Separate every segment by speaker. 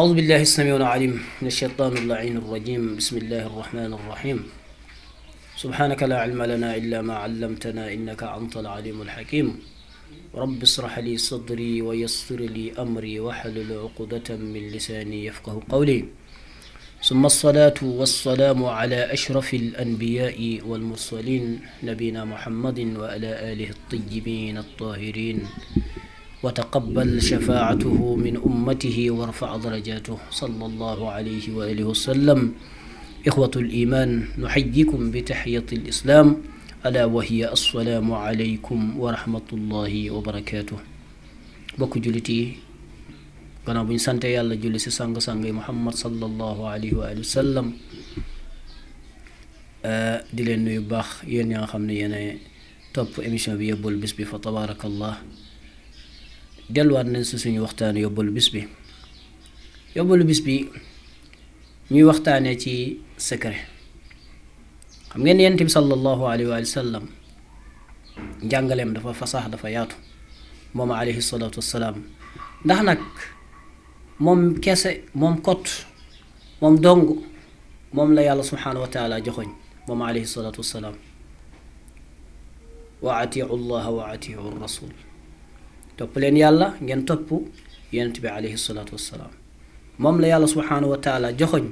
Speaker 1: أعوذ بالله السميع العليم من الشيطان اللعين الرجيم بسم الله الرحمن الرحيم سبحانك لا علم لنا إلا ما علمتنا إنك أنت العليم الحكيم رب اشرح لي صدري ويسر لي أمري واحلل عقدة من لساني يفقه قولي ثم الصلاة والسلام على أشرف الأنبياء والمرسلين نبينا محمد وعلى آله الطيبين الطاهرين وتقبل شفاعته من أمته ورفع درجاته صلى الله عليه وآله وسلم إخوة الإيمان نحييكم بتحية الإسلام ألا وهي السلام عليكم ورحمة الله وبركاته بك جلتي كان أبو إنسان تيالا جلسي سانغ سانغ محمد صلى الله عليه وآله وسلم دلين نيباخ ينيا خمني ينيا top émission bi yebul bis bi fa tabarakallah delluwaat nañ si suñu waxtaan yóbbalu bis bi yóbbalu bis bi ñuy waxtaanee ci secret xam ngeen yent bi sallallahu alayhi wa sallam njàngaleem dafa fasax dafa yaatu moom alayhi salaatu wassalaam ndax nag moom kese moom kot moom dong moom la yàlla subhanahu wa taala joxoñ moom alayhi salaatu wassalaam wa atiu allah wa atiu rasul topp leen yàlla ngeen topp yonent bi alayhi salaatu wassalaam moom la yàlla subhaanahu wa taala joxoñ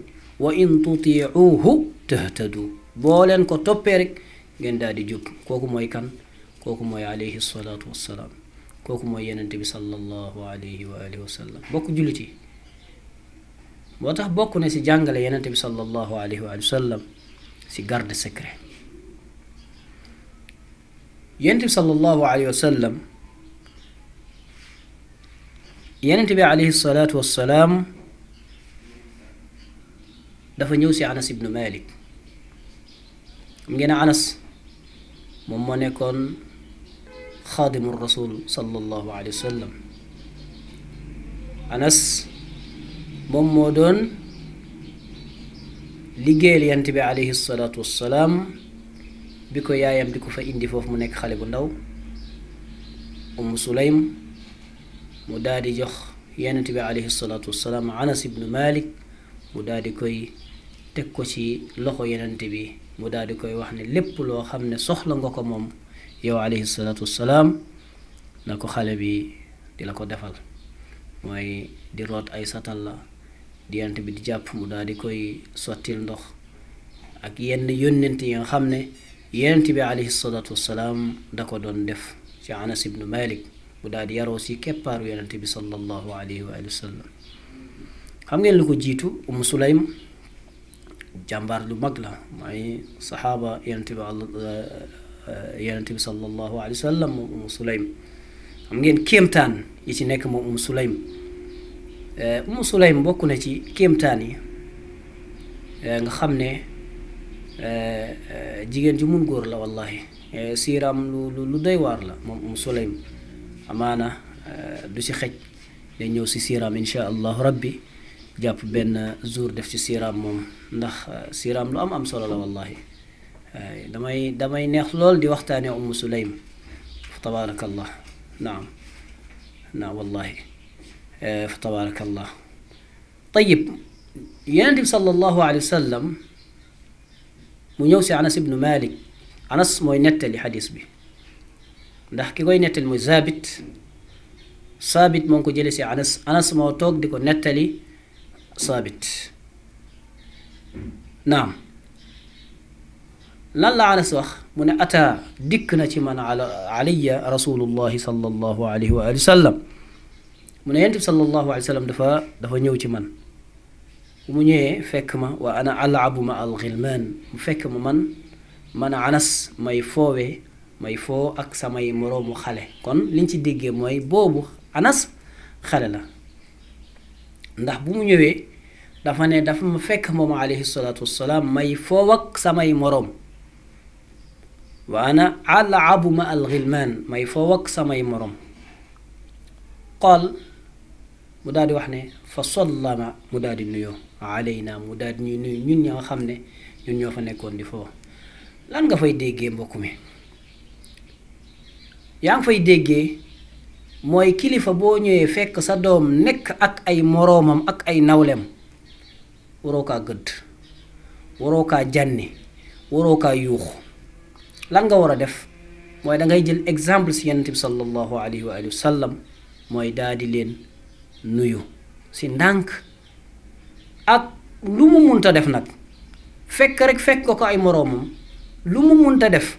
Speaker 1: wa in tutiicuuhu tahtadu boo ko toppee rek ngeen daal di jub kooku mooy kan kooku mooy alayhi salaatu wassalaam kooku mooy yonent bi sallallahu alayhi wa alihi tax bokk na ci jàngale yonent bi sallallahu alayhi wa sallam ci garde secret yonent bi sallallahu alayhi wa yana tabi alayhi salatu was salam dafa ñew ci anas ibn malik ngena anas خادم الرسول صلى الله عليه وسلم انس مم مودون ليغيل ينتبي عليه الصلاه والسلام بكو يايام ديكو فا اندي فوف مو نيك خالي بو ام سليم mu daal di jox yonent bi alayhi salaatu wasalaam anas ibnu malik mu daal di koy teg ko ci loxo yonent bi mu daal di koy wax ne lépp loo xam ne soxla nga ko moom yow alayhi salaatu wasalaam na ko xale bi di la ko defal mooy di root ay satal la di yonent bi di jàpp mu daal di koy sottil ndox ak yenn yónnent yi nga xam ne yonent bi alayhi salaatu wasalaam da ko doon def ci anas ibnu malik mu daal di yaroo si keppaaru yonent bi sallallahu alayhi wa sallam xam ngeen lu ko jiitu umu sulaym jàmbaar lu mag la mooy saxaaba yonent bi eh, yonent bi sallallahu alayhi wa sallam moom umu ngeen kéemtaan yi ci nekk moom umu sulaym eh, umu na ci kéemtaan yi eh, nga xam ne jigéen ju mun góor la wallahi siiraam lu lu doy waar la moom umu sulaym amaana du si xej day ñëw si siiraam incha allahu rabbi jàpp benn jour def ci siiraam moom ndax siiraam lu am am solo la wallahi damay damay neex lool di waxtaanee umu sulaym fa tabaarakallah naam naam wallahi fa tabaarakallah tayib yonente bi sallallahu alayhi wa sallam mu ñëw si anas ibnu malik anas mooy nettali xadis bi ndax ki koy nettali mooy zaabit saabit moo ngi ko jëlee si anas anas moo toog di ko nettali saabit naam lan la anas wax mu ne ataa dikk na ci man alayya rasulullahi sallallahu alayhi wa alihi wa sallam mu ne yent bi sallallahu alayhi wa sallam dafa dafa ñëw ci man bu mu ñëwee fekk ma wa ana alabu ma alxilmaan mu fekk ma man man anas may foowee may foo ak samay moroomu xale kon liñ ci déggee mooy boobu anas xale la ndax bu mu ñëwee dafa ne dafa ma fekk moom alayhi salatu wassalaam may foo ak samay moroom wa ana alabu ma alxilmaan may foo ak samay moroom qaal mu daal di wax ne fa sallama mu daal di nuyoo alayna mu daal di ñuy nuyu ñun ña nga xam ne ñun ñoo fa nekkoon di foo lan nga fay déggee mbokk mi yaa nga fay déggee mooy kilifa boo ñëwee fekk sa doom nekk ak ay moroomam ak ay nawleem waroo kaa gëdd waroo kaa jànni waroo kaa yuuxu lan nga war a def mooy dangay jël exemple si yonent bi sallallahu alayhi wa sallam mooy daa leen nuyu si ndànk ak lu mu munta def nag fekk rek fekk ko ay moroomam lu mu munta def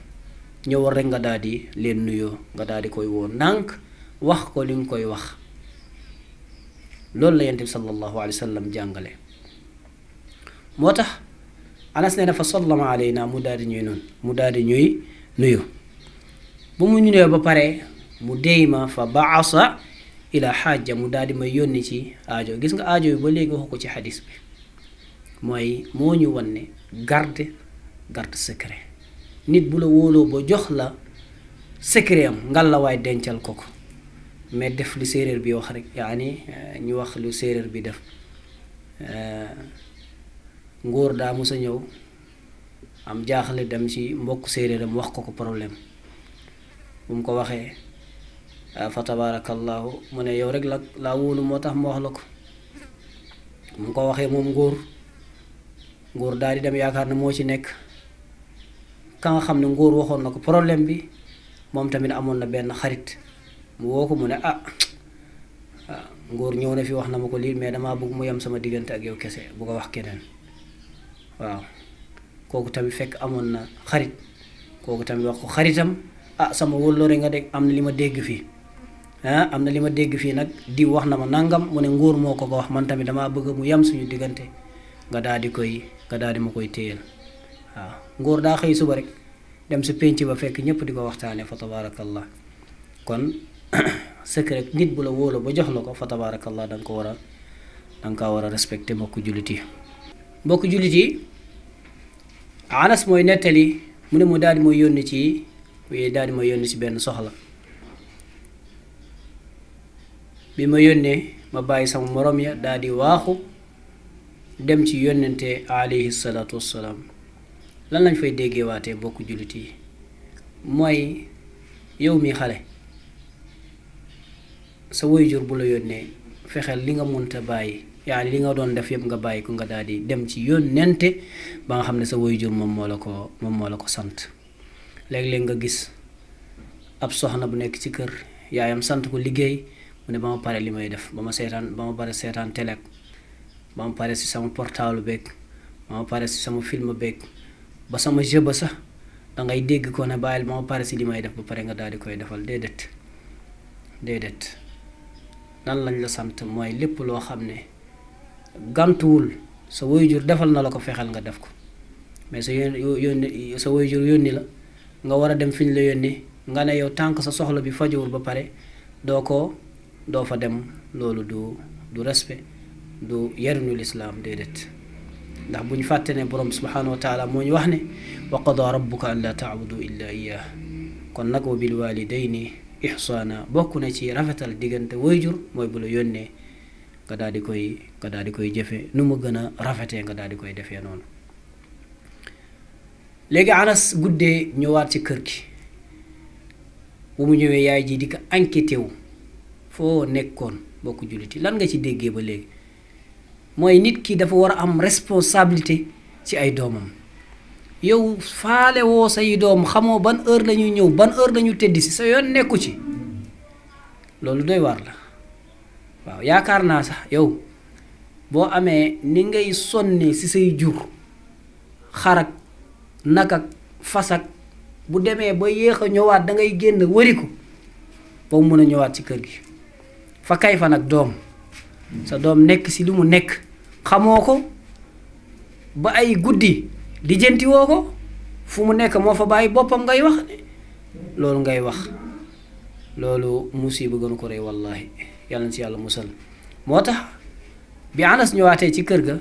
Speaker 1: ñëwal rek nga daal di leen nuyoo nga daal di koy woo ndànk wax ko li nga koy wax loolu la yonent bi sallallahu alayhi jàngale moo tax anas nee na mu daal di ñuy noonu mu daldi di ñuy nuyu ba mu ñu nee ba pare mu dey ma fa baasa ila xaaja mu daal may yónni ci aajo gis nga aajo bi ba léegi waxu ko ci xadis bi mooy moo ñu wan ne garde garde secret nit bu la wolo bo jox la secretam ngal la way dencal koko mais def li séeréer bi wax rek yani ñu wax lu séeréer bi def euh ngor da musa ñëw am jaaxle dem ci mbokk séeréeram wax koko problème bu mu ko waxe fa tabaarakallaahu mu ne yow rek la la wolu motax mo wax lako bu mu ko waxe mom ngor ngor daali dem yaakar na mo ci nek ka nga xam ne nguur waxoon na ko problème bi moom tamit amoon na benn xarit mu woo ko mu ne ah, ah ngóor ñëw ne fi wax na ma ko lii mais damaa bëgg mu yem sama diggante ak yow kese bu ko wax keneen waaw kooku tamit fekk amoon na xarit kooku tamit wax xaritam ah sama wóllore nga de am na li ma dégg fii ah am na li ma dégg fii nag di wax na ma nangam mu ne nguur moo ko ko wax man tamit damaa bëgg mu yem suñu diggante nga daal di koy nga daal di ma koy téyel ngor da xey suba rek dem ci penc ba fekk ñepp diko waxtane fa tabarakallah kon secret nit bu la wolo ba jox lako fa tabarakallah dang ko wara dang ka wara respecté anas moy netali mu ne mo daal di mooy yónni ci daal di moy yonni ci ben soxla bi ma yonne ma bàyyi sama morom ya dal di waxu dem ci yónnente alayhi salatu wassalam lan lañ fay déggee waatee bokk jullit yi mooy yow mi xale sa waajur bu la yónnee fexeel li nga mënta bàyyi yaani li nga doon def yëpp nga bàyyi ko nga daal di dem ci yónnente ba nga xam ne sa waajur moom moo la ko moom moo la ko sant léeg-léeg nga gis ab soxna bu nekk ci kër yaayam sant ko liggéey mu ne ba ma pare li may def ba ma seetaan ba ma pare seetaan teleek ba ma pare si sama portable beeg ba ma pare si sama film beeg ba sama jeu ba sax da ngay dégg ko ne bàyyil ba ma pare si li may def ba pare nga daal di koy defal déedéet déedéet nan lañ la sant mooy lépp loo xam ne gantuwul sa waajur defal na la ko fexeel nga def ko mais sa yón yónni sa waajur yónni la nga war a dem fi ñu la yónni nga ne yow tànk sa soxla bi fajowul ba pare doo ko doo fa dem loolu du du respect du yaruñu lislaam déedéet ndax bu ñu fàtte ne borom subhaanahu wa taala moo ñu wax ne wa qada rabbuka an taabudu illa iyaah kon nag wa bil walidayni ihsaana bokk na ci rafetal diggante wayjur mooy bu la yónnee nga daal di koy nga di koy jëfe nu mu gën a rafetee nga daal di koy defee noonu léegi anas guddee ñëwaat ci kër gi bu mu ñëwee yaay ji di ko enquêté foo nekkoon bokk jullit yi lan nga ci déggee ba léegi mooy nit ki dafa war a am responsabilité ci ay doomam yow faale woo say doom xamoo ban heure lañuy ñëw ban heure la ñu tëddi si sa yoon nekku ci loolu doy waar la waaw yaakaar naa sax yow boo amee ni ngay sonnee si say jur xarak nakak fasak bu demee ba yéex a ñëwaat da ngay génn wëri ko ba mën a ñëwaat ci kër gi fa kay fa nag doom sa doom nekk si li mu nekk xamoo ko ba ay guddi lijjanti woo ko fu mu nekk moo fa bàyyi boppam ngay wax loolu ngay wax loolu musiba gënu ko rey wallahi yàlla na si yàlla musal moo tax bi anas ñëwaatee ci kër ga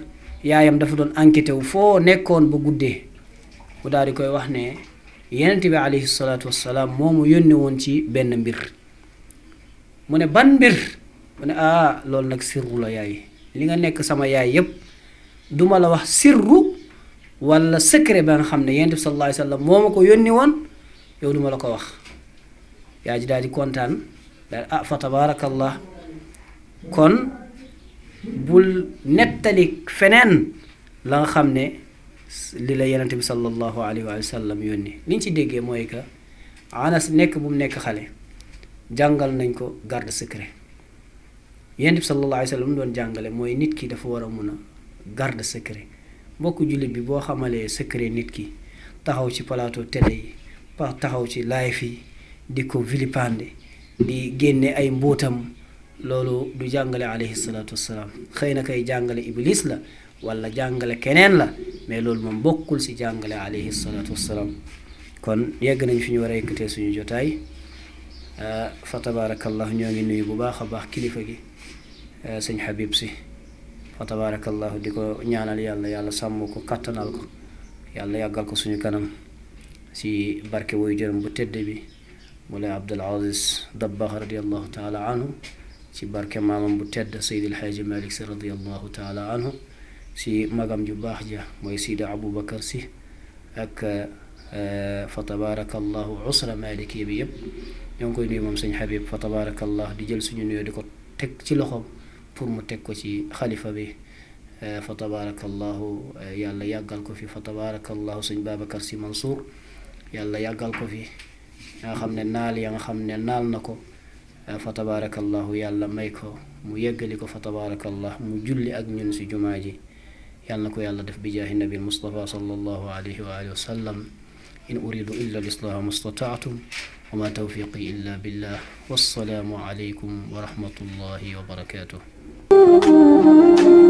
Speaker 1: yaayam dafa doon enquêté wu foo nekkoon ba guddee mu daal di koy wax ne yenent bi alayhi salaatu wassalaam moomu yónni woon ci benn mbir mu ne ban mbir mu ah loolu nag sirru la yaay li nga nekk sama yaay yëpp duma la wax sirru wala secret ba nga xam ne yonent bi sallallahu alayhi wa sallam ko yónni woon yow duma la ko wax yaa ji daal di kontaan daal ah fa kon bul nettali feneen la nga xam ne li la yonent bi sallallahu alayhi wa sallam yónni liñ ci déggee mooy que anas nekk bu mu nekk xale jàngal nañ ko garde secret yonent bi sallallahu alayhi wa sallam doon jàngale mooy nit ki dafa war a mun a garde secret mbokku jullit bi boo xamalee secret nit ki taxaw ci palaato télé yi pa taxaw ci live yi di ko vilipande di génne ay mbóotam loolu du jàngale alayhi salaatu wasalaam xëy na kay jàngale iblis la wala jàngale keneen la mais loolu moom bokkul si jàngale alayhi salaatu wasalaam kon yegg nañu fi ñu war a yëkkatee suñu jotaay fa tabaarakallah ñoo ngi nuyu bu baax a baax kilifa gi Eh, sëñ Habib si fa tabarakallahu di ko ñaanal yàlla yàlla sàmm ko kàttanal ko yàlla yàggal ko suñu kanam si barke woy jërëm bu tedd bi Moulay Abdul Aziz Dabakh radiallahu taala anhu ci barke maamam bu tedd Seydil Xaaji Malik si radiallahu taala anhu si magam ju baax ja mooy Sidi Aboubacar si ak eh, fa tabarakallahu usra maliki bi yëpp ñoo ngi koy nuyu moom sëñ Habib fa tabarakallahu di jël suñu nuyoo di ko teg ci loxo pour mu teg ko ci xalifa bi fa tabarakallahu yàlla yàggal ko fi fa tabarakallahu sëñ Babacar Sy Mansour yàlla yàggal ko fi nga xam ne naal ya nga xam ne naal na ko fa tabarakallahu yàlla may ko mu yeggali ko fa tabarakallah mu julli ak ñun ci jumaa ji yàlla na ko yàlla def bi jaahi nabi Mustafa sallallahu alayhi wa alihi wa sallam in uridu illa al-islaha mastata'tu wa ma tawfiqi illa billah wassalaamu alaykum wa rahmatullahi wa barakatuh Mm-hmm.